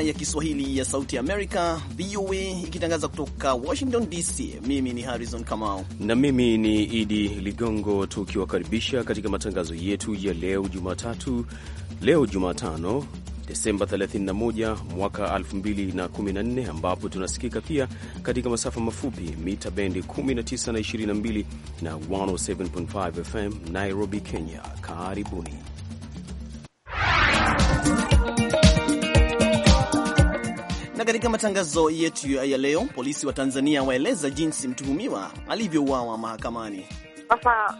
idhaa ya Kiswahili ya Sauti Amerika, VOA, ikitangaza kutoka Washington DC. Mimi ni Harrison Kamau na mimi ni Idi Ligongo, tukiwakaribisha katika matangazo yetu ya leo Jumatatu, leo Jumatano Desemba 31 mwaka 2014, ambapo tunasikika pia katika masafa mafupi mita bendi 19 na 22 na 107.5 FM Nairobi, Kenya. Karibuni. Na katika matangazo yetu ya leo, polisi wa Tanzania waeleza jinsi mtuhumiwa alivyouawa mahakamani. Sasa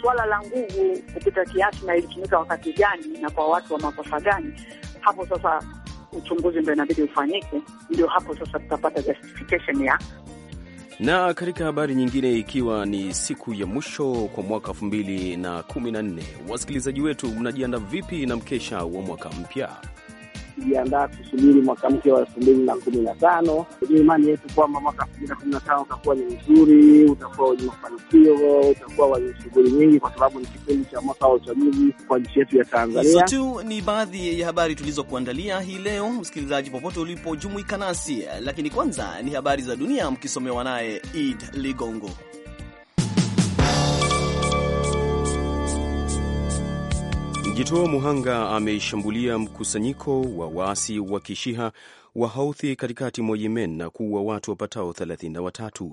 suala la nguvu kupita kiasi na ilitumika wakati gani na kwa watu wa makosa gani, hapo sasa uchunguzi ndo inabidi ufanyike, ndio hapo sasa tutapata justification ya na katika habari nyingine, ikiwa ni siku ya mwisho kwa mwaka 214 wasikilizaji wetu, mnajiandaa vipi na mkesha wa mwaka mpya? tukijiandaa kusubiri mwaka mpya wa elfu mbili na kumi na tano. Ni imani yetu kwamba mwaka elfu mbili na kumi na tano utakuwa ni mzuri, utakuwa wenye mafanikio, utakuwa wenye shughuli nyingi, kwa sababu ni kipindi cha mwaka wa uchaguzi kwa nchi yetu ya Tanzania. Hizo tu ni baadhi ya habari tulizokuandalia hii leo, msikilizaji, popote ulipojumuika nasi, lakini kwanza ni habari za dunia mkisomewa naye Id Ligongo. Jitoa muhanga ameishambulia mkusanyiko wa waasi wa kishiha wa Houthi katikati mwa Yemen na kuua watu wapatao 33.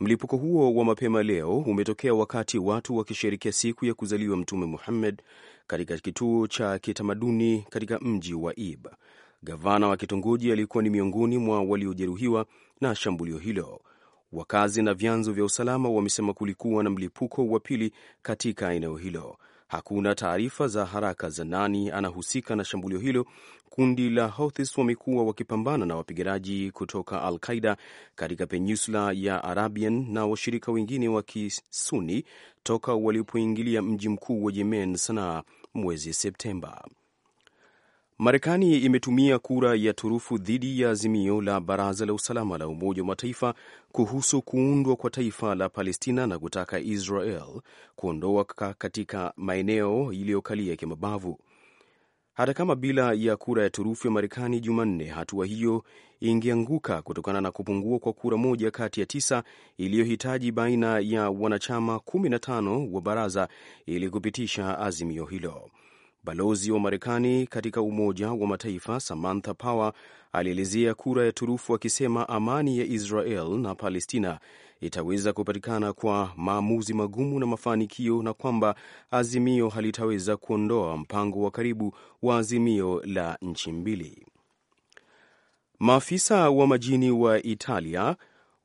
Mlipuko huo wa mapema leo umetokea wakati watu wakisherekea siku ya kuzaliwa Mtume Muhammad katika kituo cha kitamaduni katika mji wa Ib. Gavana wa kitongoji alikuwa ni miongoni mwa waliojeruhiwa na shambulio hilo. Wakazi na vyanzo vya usalama wamesema kulikuwa na mlipuko wa pili katika eneo hilo. Hakuna taarifa za haraka za nani anahusika na shambulio hilo. Kundi la Houthis wamekuwa wakipambana na wapiganaji kutoka Al Qaida katika peninsula ya Arabian na washirika wengine wa Kisuni toka walipoingilia mji mkuu wa Yemen, Sanaa, mwezi Septemba. Marekani imetumia kura ya turufu dhidi ya azimio la Baraza la Usalama la Umoja wa Mataifa kuhusu kuundwa kwa taifa la Palestina na kutaka Israel kuondoa katika maeneo iliyokalia kimabavu. Hata kama bila ya kura ya turufu ya Marekani Jumanne, hatua hiyo ingeanguka kutokana na kupungua kwa kura moja kati ya tisa iliyohitaji baina ya wanachama 15 wa baraza ili kupitisha azimio hilo. Balozi wa Marekani katika Umoja wa Mataifa Samantha Power alielezea kura ya turufu akisema amani ya Israel na Palestina itaweza kupatikana kwa maamuzi magumu na mafanikio, na kwamba azimio halitaweza kuondoa mpango wa karibu wa azimio la nchi mbili. Maafisa wa majini wa Italia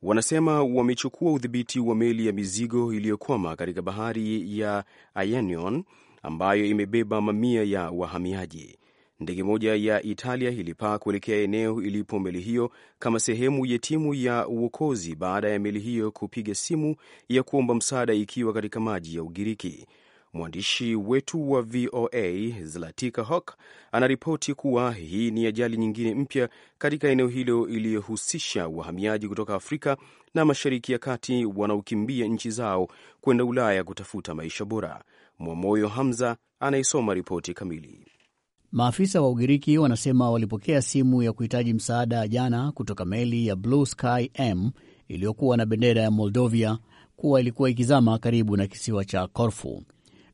wanasema wamechukua udhibiti wa meli ya mizigo iliyokwama katika bahari ya Ionian ambayo imebeba mamia ya wahamiaji. Ndege moja ya Italia ilipaa kuelekea eneo ilipo meli hiyo kama sehemu ya timu ya uokozi baada ya meli hiyo kupiga simu ya kuomba msaada ikiwa katika maji ya Ugiriki. Mwandishi wetu wa VOA Zlatika Hock anaripoti kuwa hii ni ajali nyingine mpya katika eneo hilo iliyohusisha wahamiaji kutoka Afrika na Mashariki ya Kati wanaokimbia nchi zao kwenda Ulaya kutafuta maisha bora. Mwamoyo Hamza anaisoma ripoti kamili. Maafisa wa Ugiriki wanasema walipokea simu ya kuhitaji msaada jana kutoka meli ya Blue Sky M iliyokuwa na bendera ya Moldovia kuwa ilikuwa ikizama karibu na kisiwa cha Korfu.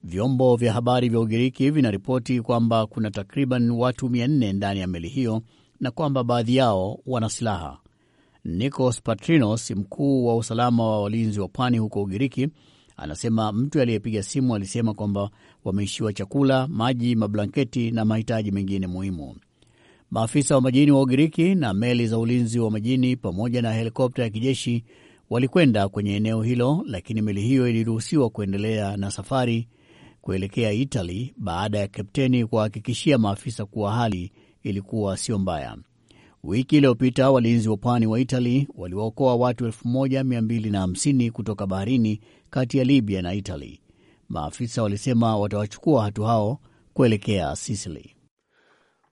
Vyombo vya habari vya Ugiriki vinaripoti kwamba kuna takriban watu 400 ndani ya meli hiyo na kwamba baadhi yao wana silaha. Nikos Patrinos, mkuu wa usalama wa walinzi wa pwani huko Ugiriki, Anasema mtu aliyepiga simu alisema kwamba wameishiwa chakula, maji, mablanketi na mahitaji mengine muhimu. Maafisa wa majini wa Ugiriki na meli za ulinzi wa majini pamoja na helikopta ya kijeshi walikwenda kwenye eneo hilo, lakini meli hiyo iliruhusiwa kuendelea na safari kuelekea Itali baada ya kapteni kuwahakikishia maafisa kuwa hali ilikuwa sio mbaya. Wiki iliyopita walinzi wa pwani wa Itali waliwaokoa watu 1250 kutoka baharini kati ya Libya na Itali. Maafisa walisema watawachukua watu hao kuelekea Sisili.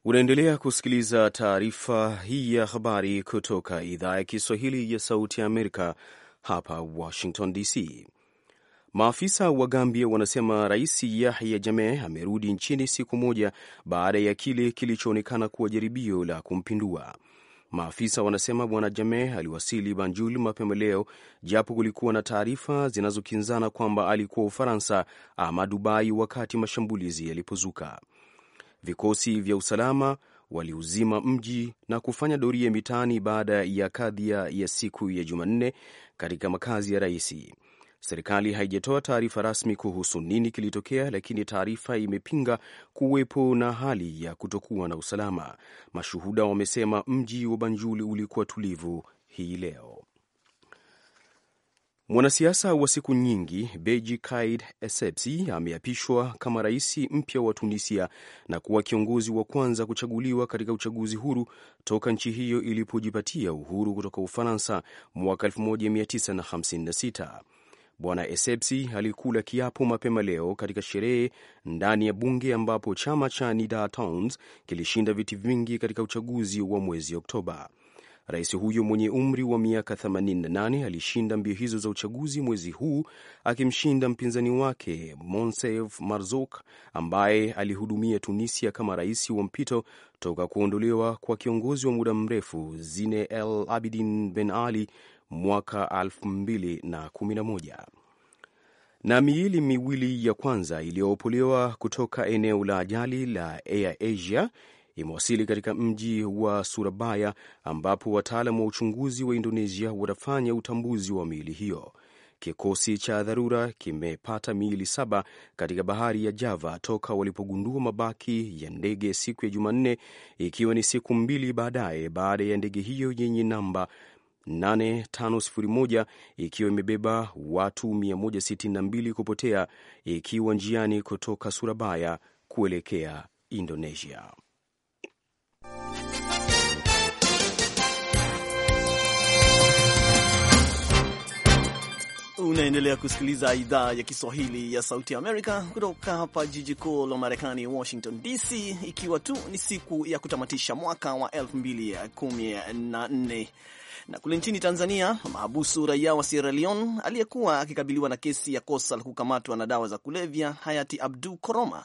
Unaendelea kusikiliza taarifa hii ya habari kutoka idhaa ya Kiswahili ya Sauti ya Amerika hapa Washington DC. Maafisa wa Gambia wanasema Rais Yahya Jammeh amerudi nchini siku moja baada ya kile kilichoonekana kuwa jaribio la kumpindua. Maafisa wanasema Bwana jame aliwasili Banjul mapema leo, japo kulikuwa na taarifa zinazokinzana kwamba alikuwa Ufaransa ama Dubai wakati mashambulizi yalipozuka. Vikosi vya usalama waliuzima mji na kufanya doria mitaani baada ya kadhia ya siku ya Jumanne katika makazi ya raisi. Serikali haijatoa taarifa rasmi kuhusu nini kilitokea, lakini taarifa imepinga kuwepo na hali ya kutokuwa na usalama. Mashuhuda wamesema mji wa banjuli ulikuwa tulivu hii leo. Mwanasiasa wa siku nyingi Beji Caid Essebsi ameapishwa kama rais mpya wa Tunisia na kuwa kiongozi wa kwanza kuchaguliwa katika uchaguzi huru toka nchi hiyo ilipojipatia uhuru kutoka Ufaransa mwaka 1956. Bwana esepsi alikula kiapo mapema leo katika sherehe ndani ya bunge ambapo chama cha Nida Towns kilishinda viti vingi katika uchaguzi wa mwezi Oktoba. Rais huyo mwenye umri wa miaka 88 alishinda mbio hizo za uchaguzi mwezi huu akimshinda mpinzani wake Monsef Marzouk ambaye alihudumia Tunisia kama rais wa mpito toka kuondolewa kwa kiongozi wa muda mrefu Zine El Abidin Ben Ali mwaka 2011 na miili miwili ya kwanza iliyoopolewa kutoka eneo la ajali la Air Asia imewasili katika mji wa Surabaya ambapo wataalam wa uchunguzi wa Indonesia watafanya utambuzi wa miili hiyo. Kikosi cha dharura kimepata miili saba katika bahari ya Java toka walipogundua mabaki ya ndege siku ya Jumanne, ikiwa ni siku mbili baadaye baada ya ndege hiyo yenye namba 8501 ikiwa imebeba watu 162 kupotea ikiwa njiani kutoka Surabaya kuelekea Indonesia. Unaendelea kusikiliza idhaa ya Kiswahili ya Sauti ya Amerika kutoka hapa jiji kuu la Marekani, Washington DC, ikiwa tu ni siku ya kutamatisha mwaka wa 2014 na kule nchini Tanzania, mahabusu raia wa Sierra Leone aliyekuwa akikabiliwa na kesi ya kosa la kukamatwa na dawa za kulevya hayati Abdu Koroma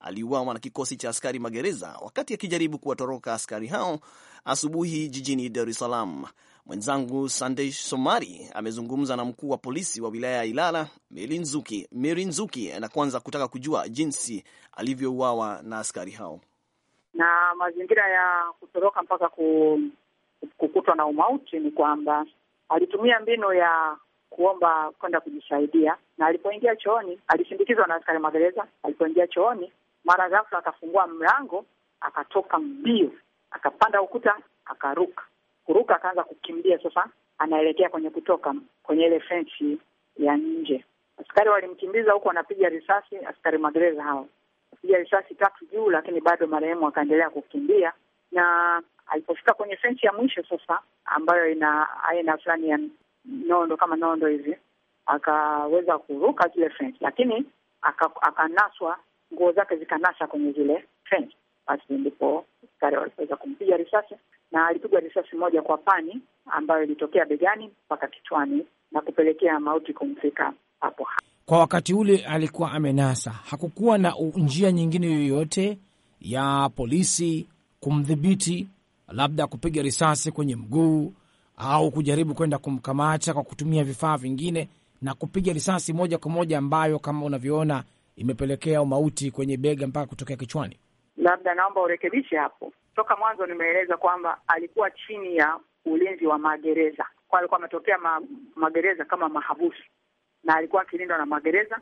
aliuawa na kikosi cha askari magereza wakati akijaribu kuwatoroka askari hao asubuhi jijini Dar es Salaam. Mwenzangu Sandey Somari amezungumza na mkuu wa polisi wa wilaya ya Ilala Merinzuki, Merinzuki, na kwanza kutaka kujua jinsi alivyouawa na askari hao na mazingira ya kutoroka mpaka kukutwa na umauti. Ni kwamba alitumia mbinu ya kuomba kwenda kujisaidia, na alipoingia chooni alisindikizwa na askari magereza. Alipoingia chooni, mara ghafla akafungua mlango, akatoka mbio, akapanda ukuta, akaruka kuruka, akaanza kukimbia. Sasa anaelekea kwenye kutoka kwenye ile fensi ya nje. Askari walimkimbiza huku wanapiga risasi, askari magereza hao piga risasi tatu juu, lakini bado marehemu akaendelea kukimbia, na alipofika kwenye fensi ya mwisho sasa, ambayo ina aina fulani ya nondo kama nondo hivi, akaweza kuruka zile fence lakini akanaswa, aka nguo zake zikanasa kwenye zile fence Basi ndipo askari walipoweza kumpiga risasi na alipigwa risasi moja kwa pani ambayo ilitokea begani mpaka kichwani na kupelekea mauti kumfika hapo hapo. Kwa wakati ule alikuwa amenasa, hakukuwa na njia nyingine yoyote ya polisi kumdhibiti, labda kupiga risasi kwenye mguu au kujaribu kwenda kumkamata kwa kutumia vifaa vingine na kupiga risasi moja kwa moja ambayo kama unavyoona imepelekea mauti kwenye bega mpaka kutokea kichwani. Labda naomba urekebishe hapo, toka mwanzo nimeeleza kwamba alikuwa chini ya ulinzi wa magereza, kwa alikuwa ametokea ma, magereza kama mahabusu, na alikuwa akilindwa na magereza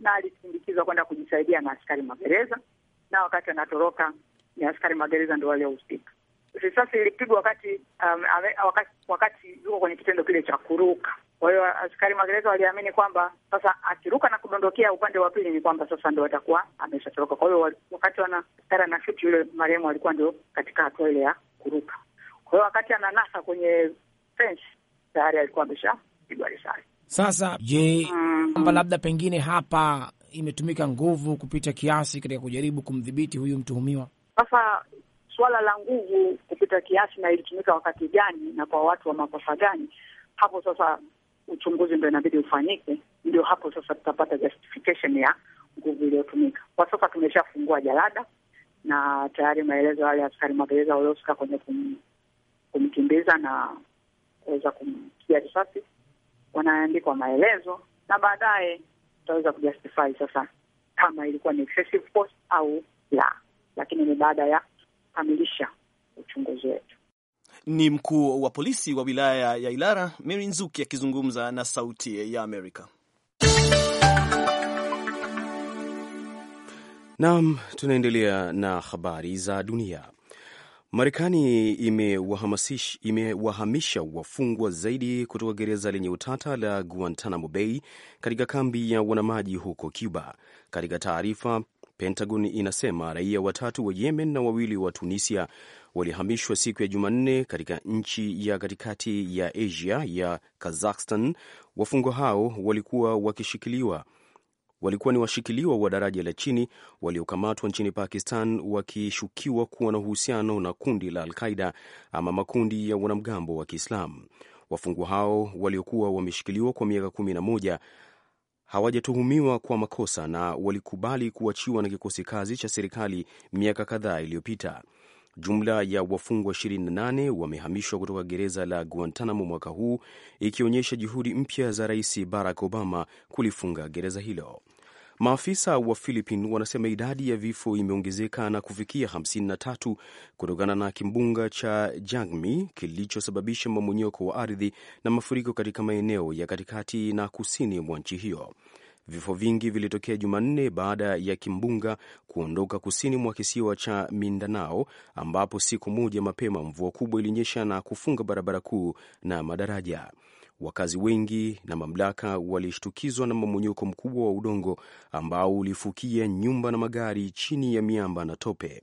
na alisindikizwa kwenda kujisaidia na askari magereza, na wakati anatoroka ni askari magereza ndo waliohusika. Risasi ilipigwa wakati um, wakati, wakati yuko kwenye kitendo kile cha kuruka kwa hiyo uh, askari magereza waliamini kwamba sasa akiruka na kudondokea upande wa pili ni kwamba sasa ndio atakuwa ameshatoroka. Kwa hiyo wakati wana askari anashuti yule marehemu alikuwa ndio katika hatua ile ya kuruka. Kwa hiyo wakati ananasa kwenye fence tayari alikuwa ameshapigwa risasi. Sasa je, mm. kwamba mm, labda pengine hapa imetumika nguvu kupita kiasi katika kujaribu kumdhibiti huyu mtuhumiwa. Sasa suala la nguvu kupita kiasi na ilitumika wakati gani na kwa watu wa makosa gani, hapo sasa uchunguzi ndo inabidi ufanyike, ndio hapo sasa tutapata justification ya nguvu iliyotumika. Kwa sasa tumeshafungua jalada na tayari maelezo yale askari magereza waliofika kwenye kum, kumkimbiza na kuweza kumpiga risasi wanaandikwa maelezo, na baadaye tutaweza kujustify sasa kama ilikuwa ni excessive force au la, lakini ni baada ya kukamilisha uchunguzi wetu. Ni mkuu wa polisi wa wilaya ya Ilara, Mary Nzuki, akizungumza na Sauti ya Amerika. Naam, tunaendelea na habari za dunia. Marekani imewahamisha ime wafungwa zaidi kutoka gereza lenye utata la Guantanamo Bay katika kambi ya wanamaji huko Cuba. Katika taarifa, Pentagon inasema raia watatu wa Yemen na wawili wa Tunisia walihamishwa siku ya Jumanne katika nchi ya katikati ya Asia ya Kazakhstan. Wafungwa hao walikuwa wakishikiliwa walikuwa ni washikiliwa wa daraja la chini waliokamatwa nchini Pakistan wakishukiwa kuwa na uhusiano na kundi la Alqaida ama makundi ya wanamgambo wa Kiislamu. Wafungwa hao waliokuwa wameshikiliwa kwa miaka kumi na moja hawajatuhumiwa kwa makosa na walikubali kuachiwa na kikosi kazi cha serikali miaka kadhaa iliyopita. Jumla ya wafungwa 28 wamehamishwa kutoka gereza la Guantanamo mwaka huu, ikionyesha juhudi mpya za Rais Barack Obama kulifunga gereza hilo. Maafisa wa Philippine wanasema idadi ya vifo imeongezeka na kufikia 53 kutokana na kimbunga cha Jangmi kilichosababisha mamonyeko wa ardhi na mafuriko katika maeneo ya katikati na kusini mwa nchi hiyo. Vifo vingi vilitokea Jumanne baada ya kimbunga kuondoka kusini mwa kisiwa cha Mindanao, ambapo siku moja mapema mvua kubwa ilinyesha na kufunga barabara kuu na madaraja. Wakazi wengi na mamlaka walishtukizwa na mmomonyoko mkubwa wa udongo ambao ulifukia nyumba na magari chini ya miamba na tope.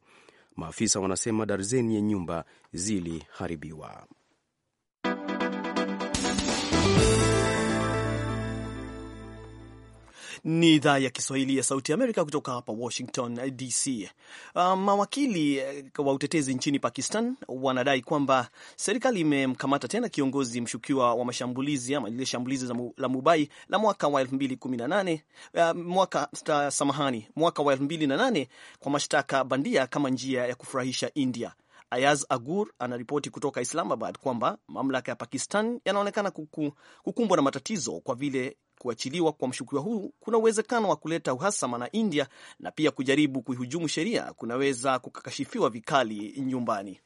Maafisa wanasema darzeni ya nyumba ziliharibiwa. Ni idhaa ya Kiswahili ya Sauti ya Amerika kutoka hapa Washington DC. Uh, ah, mawakili eh, wa utetezi nchini Pakistan wanadai kwamba serikali imemkamata tena kiongozi mshukiwa wa mashambulizi ama lile shambulizi la Mumbai la mwaka wa 2018 uh, ah, mwaka ah, samahani, mwaka wa 2008 kwa mashtaka bandia kama njia ya kufurahisha India. Ayaz Agur anaripoti kutoka Islamabad kwamba mamlaka ya Pakistan yanaonekana kuku, kukumbwa na matatizo kwa vile kuachiliwa kwa mshukiwa huu kuna uwezekano wa kuleta uhasama na India na pia kujaribu kuihujumu sheria kunaweza kukakashifiwa vikali nyumbani.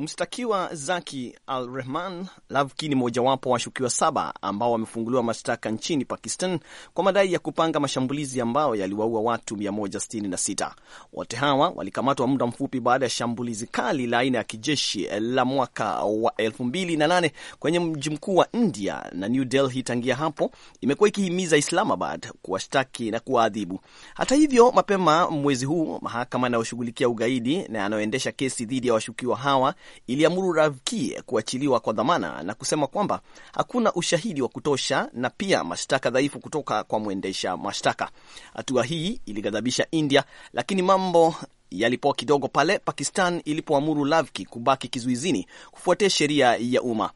Mshtakiwa Zaki Al Rehman Lavki ni mojawapo washukiwa saba ambao wamefunguliwa mashtaka nchini Pakistan kwa madai ya kupanga mashambulizi ambayo yaliwaua watu 166. Wote hawa walikamatwa muda mfupi baada ya shambulizi kali la aina ya kijeshi la mwaka wa 2008 kwenye mji mkuu wa India na New Delhi. Tangia hapo imekuwa ikihimiza Islamabad kuwashtaki na kuwaadhibu. Hata hivyo, mapema mwezi huu mahakama inayoshughulikia ugaidi na yanayoendesha kesi dhidi ya washukiwa hawa iliamuru Ravki kuachiliwa kwa dhamana na kusema kwamba hakuna ushahidi wa kutosha na pia mashtaka dhaifu kutoka kwa mwendesha mashtaka. Hatua hii ilighadhabisha India, lakini mambo yalipoa kidogo pale Pakistan ilipoamuru Lavki kubaki kizuizini kufuatia sheria ya umma.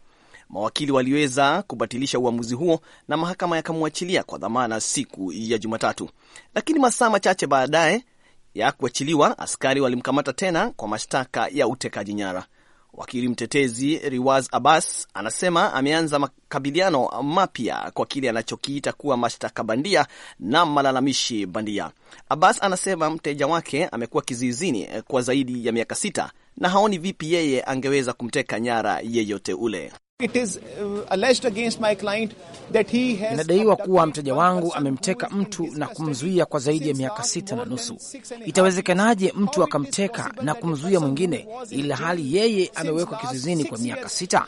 Mawakili waliweza kubatilisha uamuzi huo na mahakama yakamwachilia kwa dhamana siku ya Jumatatu, lakini masaa machache baadaye ya kuachiliwa, askari walimkamata tena kwa mashtaka ya utekaji nyara. Wakili mtetezi Riwaz Abbas anasema ameanza makabiliano mapya kwa kile anachokiita kuwa mashtaka bandia na malalamishi bandia. Abbas anasema mteja wake amekuwa kizuizini kwa zaidi ya miaka sita na haoni vipi yeye angeweza kumteka nyara yeyote ule. Uh, Inadaiwa kuwa mteja wangu amemteka mtu na kumzuia kwa zaidi ya miaka sita na nusu. Itawezekanaje mtu akamteka na kumzuia mwingine, ili hali yeye amewekwa kizuizini kwa miaka sita?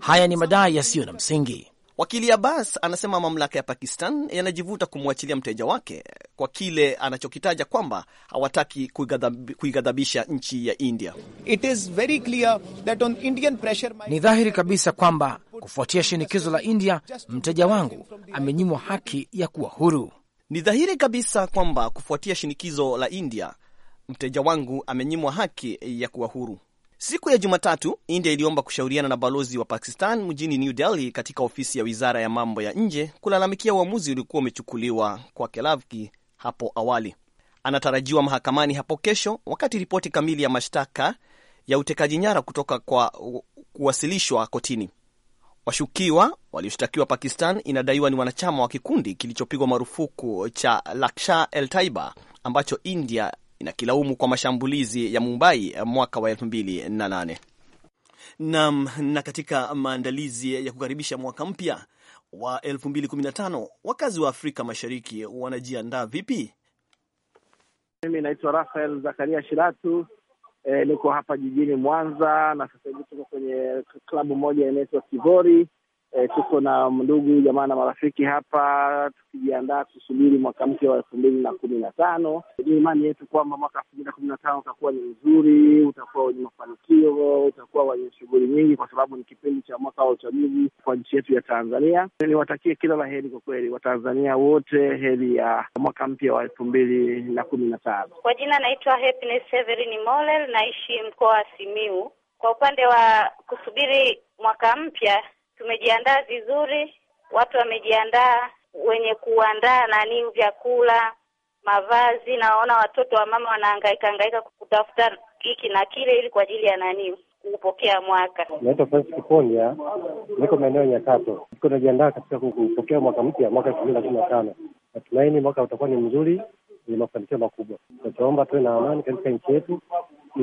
Haya ni madai yasiyo na msingi. Wakili Abbas anasema mamlaka ya Pakistan yanajivuta kumwachilia mteja wake kwa kile anachokitaja kwamba hawataki kuigadhabisha nchi ya India. It is very clear that on Indian pressure... ni dhahiri kabisa kwamba kufuatia shinikizo la India, mteja wangu amenyimwa haki ya kuwa huru. Ni dhahiri kabisa kwamba kufuatia shinikizo la India, mteja wangu amenyimwa haki ya kuwa huru. Siku ya Jumatatu, India iliomba kushauriana na balozi wa Pakistan mjini New Delhi katika ofisi ya wizara ya mambo ya nje kulalamikia uamuzi uliokuwa umechukuliwa kwa Kelavki hapo awali. Anatarajiwa mahakamani hapo kesho, wakati ripoti kamili ya mashtaka ya utekaji nyara kutoka kwa kuwasilishwa kotini. Washukiwa walioshtakiwa Pakistan inadaiwa ni wanachama wa kikundi kilichopigwa marufuku cha Lashkar-e-Taiba ambacho India inakilaumu kwa mashambulizi ya Mumbai mwaka wa 2008. Naam, na katika maandalizi ya kukaribisha mwaka mpya wa 2015 wakazi wa Afrika Mashariki wanajiandaa vipi? Mimi naitwa Rafael Zakaria Shiratu. E, eh, niko hapa jijini Mwanza na sasa hivi tuko kwenye klabu moja inaitwa Kivori E, tuko na ndugu jamaa na marafiki hapa tukijiandaa kusubiri mwaka mpya wa elfu mbili na kumi na tano. Ni imani yetu kwamba mwaka elfu mbili na kumi na tano utakuwa ni mzuri, utakuwa wenye mafanikio, utakuwa wenye shughuli nyingi, kwa sababu ni kipindi cha mwaka wa uchaguzi kwa nchi yetu ya Tanzania. Niwatakie kila la heri kwa kweli Watanzania wote, heri ya mwaka mpya wa elfu mbili na kumi na tano. Kwa jina naitwa Happiness Molel, naishi mkoa wa Simiu. Kwa upande wa kusubiri mwaka mpya tumejiandaa vizuri, watu wamejiandaa, wenye kuandaa nani vyakula, mavazi. Naona watoto wa mama wanahangaika hangaika kutafuta hiki na kile, ili kwa ajili ya nani kupokea mwaka. Naitwa Francis Kiponya, niko maeneo ya Nyakato. najiandaa katika kupokea mwaka mpya, mwaka elfu mbili na ishirini na tano. Natumaini mwaka utakuwa ni mzuri, ni mafanikio makubwa. Tunachoomba tuwe na amani katika nchi yetu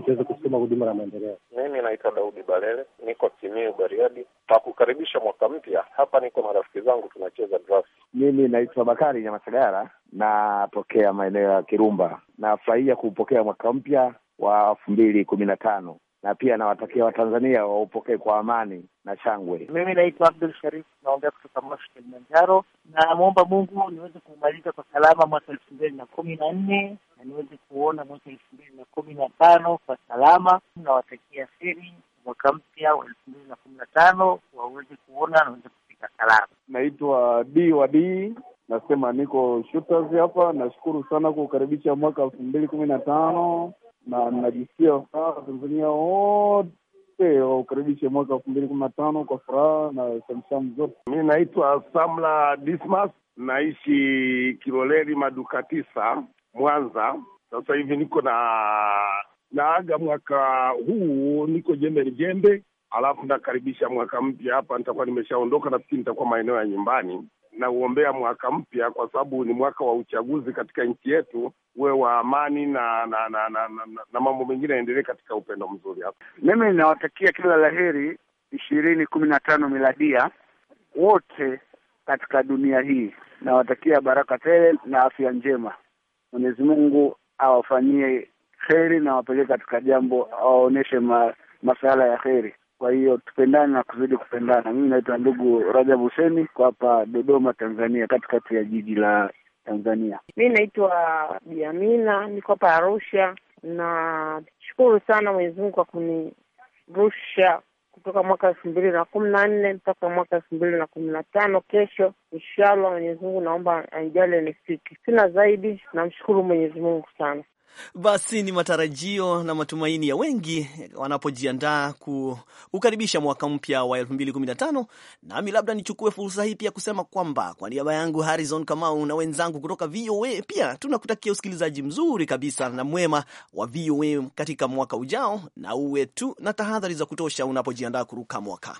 tuweze kusukuma huduma na maendeleo. Mimi naitwa Daudi Balele, niko simiu Bariadi. kukaribisha mwaka mpya hapa, niko na rafiki zangu tunacheza draft. Mimi naitwa Bakari Nyamasagara, natokea maeneo ya Kirumba. Nafurahia kupokea mwaka mpya wa elfu mbili kumi na tano na pia nawatakia Watanzania waupokee kwa amani na shangwe. Mimi naitwa Abdul Sharif, naongea kutoka Moshi, Kilimanjaro, na namwomba Mungu niweze kumaliza kwa salama mwaka elfu mbili na kumi na nne na niweze kuona mwaka elfu mbili na kumi na tano kwa salama. Nawatakia heri mwaka mpya wa elfu mbili na kumi na tano waweze kuona naweze kufika salama. Naitwa D wa D nasema niko shooters hapa. Nashukuru sana kuukaribisha mwaka elfu mbili kumi na tano na najisikia furaha. Watanzania wote waukaribishe mwaka elfu mbili kumi na tano kwa furaha na shamshamu zote. Mi naitwa Samla Dismas, naishi Kiloleli maduka tisa, Mwanza. Sasa hivi niko na naaga mwaka huu niko jembe jembe alafu nakaribisha mwaka mpya hapa, nitakuwa nimeshaondoka, nafikiri nitakuwa maeneo ya nyumbani nauombea mwaka mpya, kwa sababu ni mwaka wa uchaguzi katika nchi yetu, uwe wa amani na na na, na, na, na mambo mengine yaendelee katika upendo mzuri hapa. Mimi ninawatakia kila la heri ishirini kumi na tano miladia wote katika dunia hii, nawatakia baraka tele na afya njema. Mwenyezi Mungu awafanyie heri na wapeleke katika jambo, awaonyeshe ma, ya heri. Kwa hiyo tupendane na kuzidi kupendana. Mimi naitwa ndugu Rajab Huseni kwa hapa Dodoma, Tanzania, katikati ya jiji la Tanzania. Mi naitwa Biamina, niko hapa Arusha. Nashukuru sana Mwenyezi Mungu kwa kunirusha kutoka mwaka elfu mbili na kumi na nne mpaka mwaka elfu mbili na kumi na tano Kesho inshallah, Mwenyezi Mungu naomba anijale nifiki. Sina zaidi, namshukuru Mwenyezi Mungu sana. Basi ni matarajio na matumaini ya wengi wanapojiandaa kuukaribisha mwaka mpya wa 2015. Nami labda nichukue fursa hii pia kusema kwamba kwa niaba yangu Harrison Kamau na wenzangu kutoka VOA pia tunakutakia usikilizaji mzuri kabisa na mwema wa VOA katika mwaka ujao, na uwe tu na tahadhari za kutosha unapojiandaa kuruka mwaka.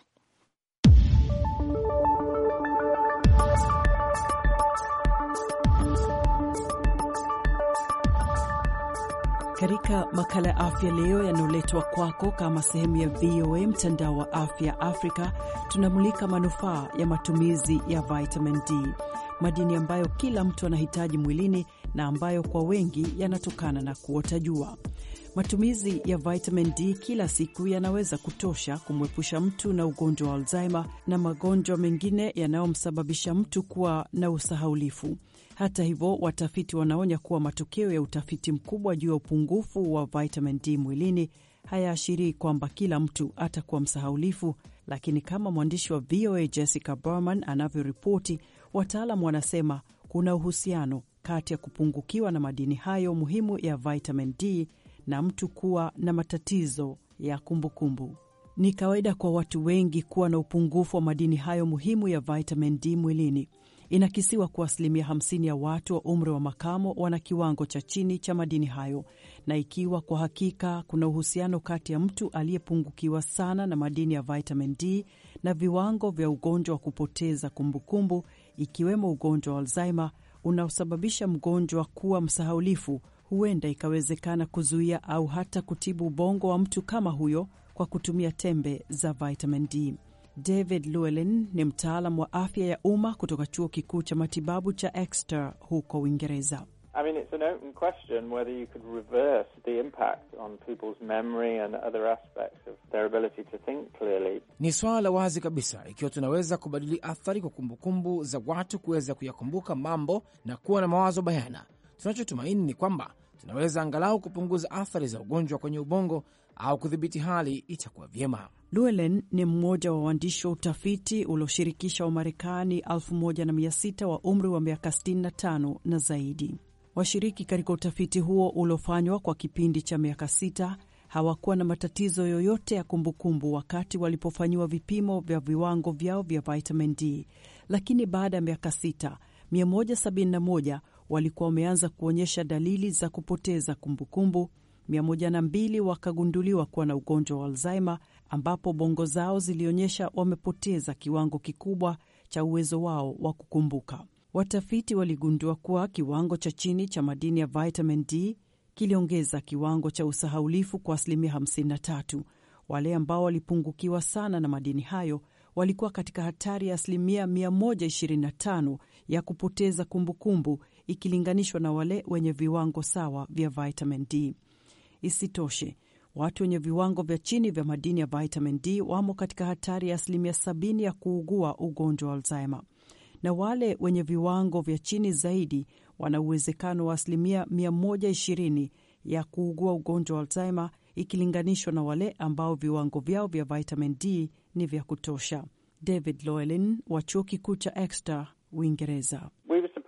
katika makala ya afya leo yanayoletwa kwako kama sehemu ya VOA mtandao wa afya Afrika, tunamulika manufaa ya matumizi ya vitamin D, madini ambayo kila mtu anahitaji mwilini na ambayo kwa wengi yanatokana na kuota jua. Matumizi ya vitamin D kila siku yanaweza kutosha kumwepusha mtu na ugonjwa wa Alzheimer na magonjwa mengine yanayomsababisha mtu kuwa na usahaulifu. Hata hivyo, watafiti wanaonya kuwa matokeo ya utafiti mkubwa juu ya upungufu wa vitamin D mwilini hayaashirii kwamba kila mtu atakuwa msahaulifu, lakini kama mwandishi wa VOA Jessica Berman anavyoripoti, wataalam wanasema kuna uhusiano kati ya kupungukiwa na madini hayo muhimu ya vitamin D na mtu kuwa na matatizo ya kumbukumbu kumbu. Ni kawaida kwa watu wengi kuwa na upungufu wa madini hayo muhimu ya vitamin D mwilini. Inakisiwa kuwa asilimia 50 ya watu wa umri wa makamo wana kiwango cha chini cha madini hayo, na ikiwa kwa hakika kuna uhusiano kati ya mtu aliyepungukiwa sana na madini ya vitamin D na viwango vya ugonjwa wa kupoteza kumbukumbu ikiwemo ugonjwa wa Alzheimer unaosababisha mgonjwa kuwa msahaulifu, huenda ikawezekana kuzuia au hata kutibu ubongo wa mtu kama huyo kwa kutumia tembe za vitamin D. David Llewellyn ni mtaalam wa afya ya umma kutoka chuo kikuu cha matibabu cha Exeter huko Uingereza. I mean, it's an open question whether you could reverse the impact on people's memory and other aspects of their ability to think clearly. Ni swala la wazi kabisa ikiwa tunaweza kubadili athari kwa kumbukumbu za watu kuweza kuyakumbuka mambo na kuwa na mawazo bayana. Tunachotumaini ni kwamba tunaweza angalau kupunguza athari za ugonjwa kwenye ubongo au kudhibiti hali itakuwa vyema. Llewellyn ni mmoja wa waandishi wa utafiti ulioshirikisha Wamarekani 1600 wa umri wa miaka 65 na zaidi. Washiriki katika utafiti huo uliofanywa kwa kipindi cha miaka sita hawakuwa na matatizo yoyote ya kumbukumbu wakati walipofanyiwa vipimo vya viwango vyao vya vitamin D, lakini baada ya miaka sita, 171 walikuwa wameanza kuonyesha dalili za kupoteza kumbukumbu kumbu, 102 wakagunduliwa kuwa na ugonjwa wa Alzheimer, ambapo bongo zao zilionyesha wamepoteza kiwango kikubwa cha uwezo wao wa kukumbuka. Watafiti waligundua kuwa kiwango cha chini cha madini ya vitamin D kiliongeza kiwango cha usahaulifu kwa asilimia 53. Wale ambao walipungukiwa sana na madini hayo walikuwa katika hatari ya asilimia 125 ya kupoteza kumbukumbu ikilinganishwa na wale wenye viwango sawa vya vitamin D. Isitoshe, watu wenye viwango vya chini vya madini ya vitamin D wamo katika hatari ya asilimia sabini ya kuugua ugonjwa wa Alzheimer, na wale wenye viwango vya chini zaidi wana uwezekano wa asilimia 120 ya kuugua ugonjwa wa Alzheimer ikilinganishwa na wale ambao viwango vyao vya vitamin D ni vya kutosha. David Llewellyn wa chuo kikuu cha Exeter, Uingereza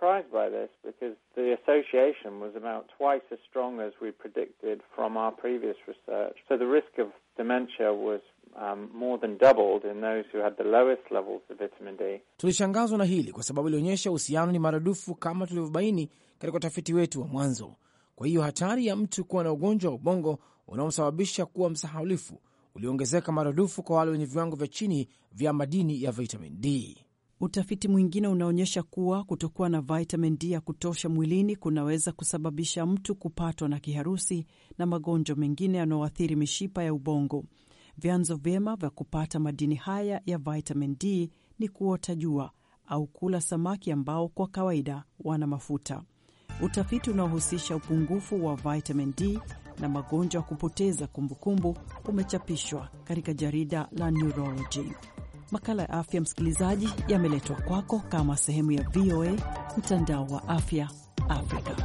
surprised by this because the association was about twice as strong as we predicted from our previous research. So the risk of dementia was um, more than doubled in those who had the lowest levels of vitamin D. Tulishangazwa na hili kwa sababu ilionyesha uhusiano ni maradufu kama tulivyobaini katika utafiti wetu wa mwanzo. Kwa hiyo hatari ya mtu kuwa na ugonjwa wa ubongo unaosababisha kuwa msahaulifu uliongezeka maradufu kwa wale wenye viwango vya chini vya madini ya vitamin D. Utafiti mwingine unaonyesha kuwa kutokuwa na vitamin D ya kutosha mwilini kunaweza kusababisha mtu kupatwa na kiharusi na magonjwa mengine yanayoathiri mishipa ya ubongo. Vyanzo vyema vya kupata madini haya ya vitamin D ni kuota jua au kula samaki ambao kwa kawaida wana mafuta. Utafiti unaohusisha upungufu wa vitamin D na magonjwa ya kupoteza kumbukumbu umechapishwa katika jarida la Neurology. Makala ya afya, msikilizaji, yameletwa kwako kama sehemu ya VOA mtandao wa afya Afrika.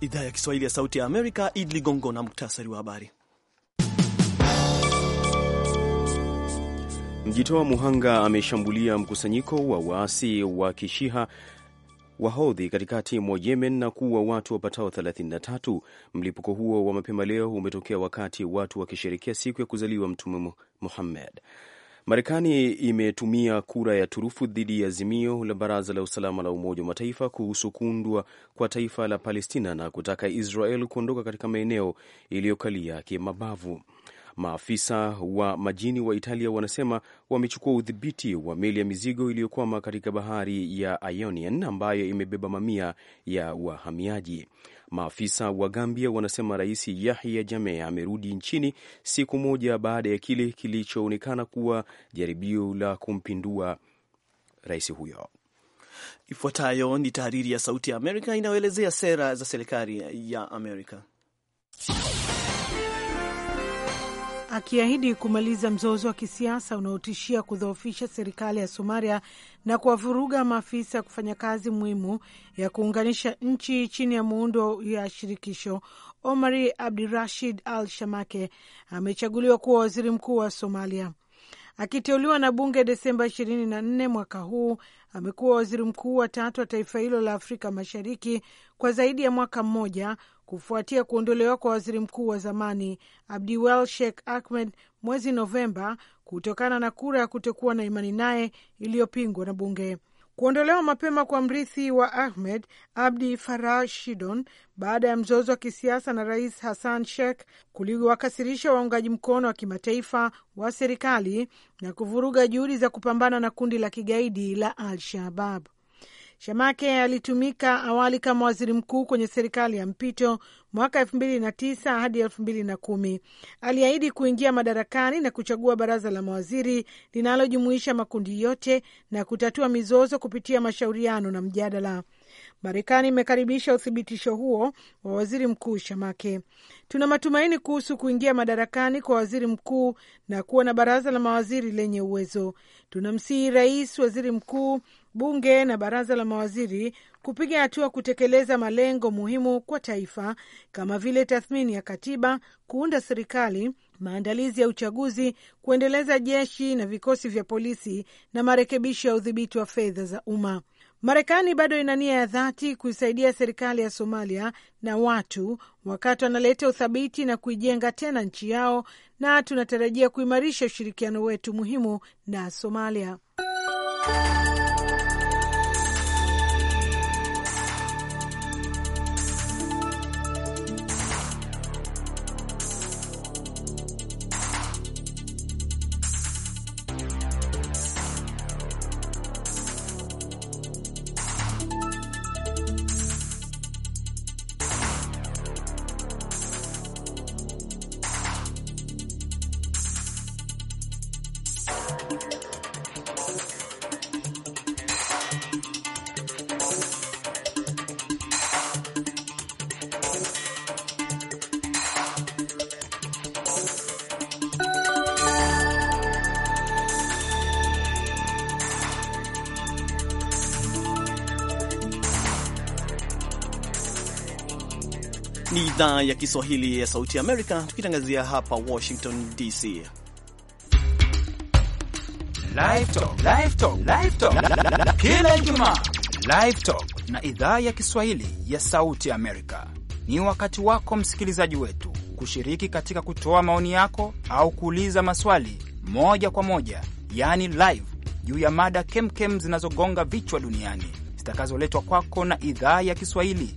Idhaa ya Kiswahili ya Sauti ya Amerika. Id Ligongo na muktasari wa habari. Mjitoa muhanga ameshambulia mkusanyiko wa waasi wa kishiha Wahodhi katikati mwa Yemen na kuua watu wapatao 33. Mlipuko huo wa mapema leo umetokea wakati watu wakisherekea siku ya kuzaliwa Mtume Muhammad. Marekani imetumia kura ya turufu dhidi ya azimio la Baraza la Usalama la Umoja wa Mataifa kuhusu kuundwa kwa taifa la Palestina na kutaka Israel kuondoka katika maeneo iliyokalia kimabavu. Maafisa wa majini wa Italia wanasema wamechukua udhibiti wa meli ya mizigo iliyokwama katika bahari ya Ionian ambayo imebeba mamia ya wahamiaji. Maafisa wa Gambia wanasema Rais Yahya Jammeh amerudi nchini siku moja baada ya kile kilichoonekana kuwa jaribio la kumpindua rais huyo. Ifuatayo ni tahariri ya Sauti ya Amerika inayoelezea sera za serikali ya Amerika akiahidi kumaliza mzozo wa kisiasa unaotishia kudhoofisha serikali ya Somalia na kuwavuruga maafisa kufanya kazi muhimu ya kuunganisha nchi chini ya muundo ya shirikisho. Omari Abdirashid Al Shamake amechaguliwa kuwa waziri mkuu wa Somalia. Akiteuliwa na bunge Desemba 24 mwaka huu, amekuwa waziri mkuu wa tatu wa taifa hilo la Afrika Mashariki kwa zaidi ya mwaka mmoja, kufuatia kuondolewa kwa waziri mkuu wa zamani Abdiwel Sheikh Ahmed mwezi Novemba kutokana na kura ya kutokuwa na imani naye iliyopingwa na bunge. Kuondolewa mapema kwa mrithi wa Ahmed Abdi Farah Shidon baada ya mzozo wa kisiasa na Rais Hassan Sheikh kuliwakasirisha waungaji mkono wa kimataifa wa serikali na kuvuruga juhudi za kupambana na kundi la kigaidi la Al Shabab. Shamake alitumika awali kama waziri mkuu kwenye serikali ya mpito mwaka elfu mbili na tisa hadi elfu mbili na kumi. Aliahidi kuingia madarakani na kuchagua baraza la mawaziri linalojumuisha makundi yote na kutatua mizozo kupitia mashauriano na mjadala. Marekani imekaribisha uthibitisho huo wa waziri mkuu Shamake. Tuna matumaini kuhusu kuingia madarakani kwa waziri mkuu na kuwa na baraza la mawaziri lenye uwezo. Tunamsihi rais, waziri mkuu bunge na baraza la mawaziri kupiga hatua kutekeleza malengo muhimu kwa taifa kama vile tathmini ya katiba, kuunda serikali, maandalizi ya uchaguzi, kuendeleza jeshi na vikosi vya polisi na marekebisho ya udhibiti wa fedha za umma. Marekani bado ina nia ya dhati kuisaidia serikali ya Somalia na watu wakati wanaleta uthabiti na kuijenga tena nchi yao, na tunatarajia kuimarisha ushirikiano wetu muhimu na Somalia. Ni idhaa ya Kiswahili ya Sauti Amerika tukitangazia hapa Washington DC. Kila Ijumaa livetok na idhaa ya Kiswahili ya Sauti Amerika ni wakati wako msikilizaji wetu kushiriki katika kutoa maoni yako au kuuliza maswali moja kwa moja, yaani live, juu ya mada kemkem zinazogonga vichwa duniani zitakazoletwa kwako na idhaa ya Kiswahili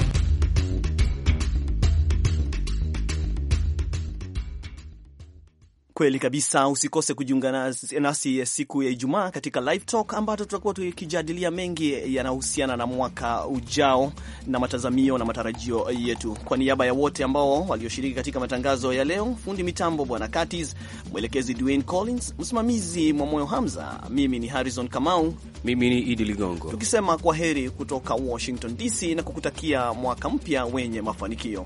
kweli kabisa. Usikose kujiunga nasi siku ya Ijumaa katika Live Talk ambapo tutakuwa tukijadilia mengi yanayohusiana na mwaka ujao na matazamio na matarajio yetu. Kwa niaba ya wote ambao walioshiriki katika matangazo ya leo, fundi mitambo Bwana Curtis, mwelekezi Dwayne Collins, msimamizi Mwamoyo Hamza, mimi ni Harrison Kamau, mimi ni Idi Ligongo, tukisema kwa heri kutoka Washington DC na kukutakia mwaka mpya wenye mafanikio.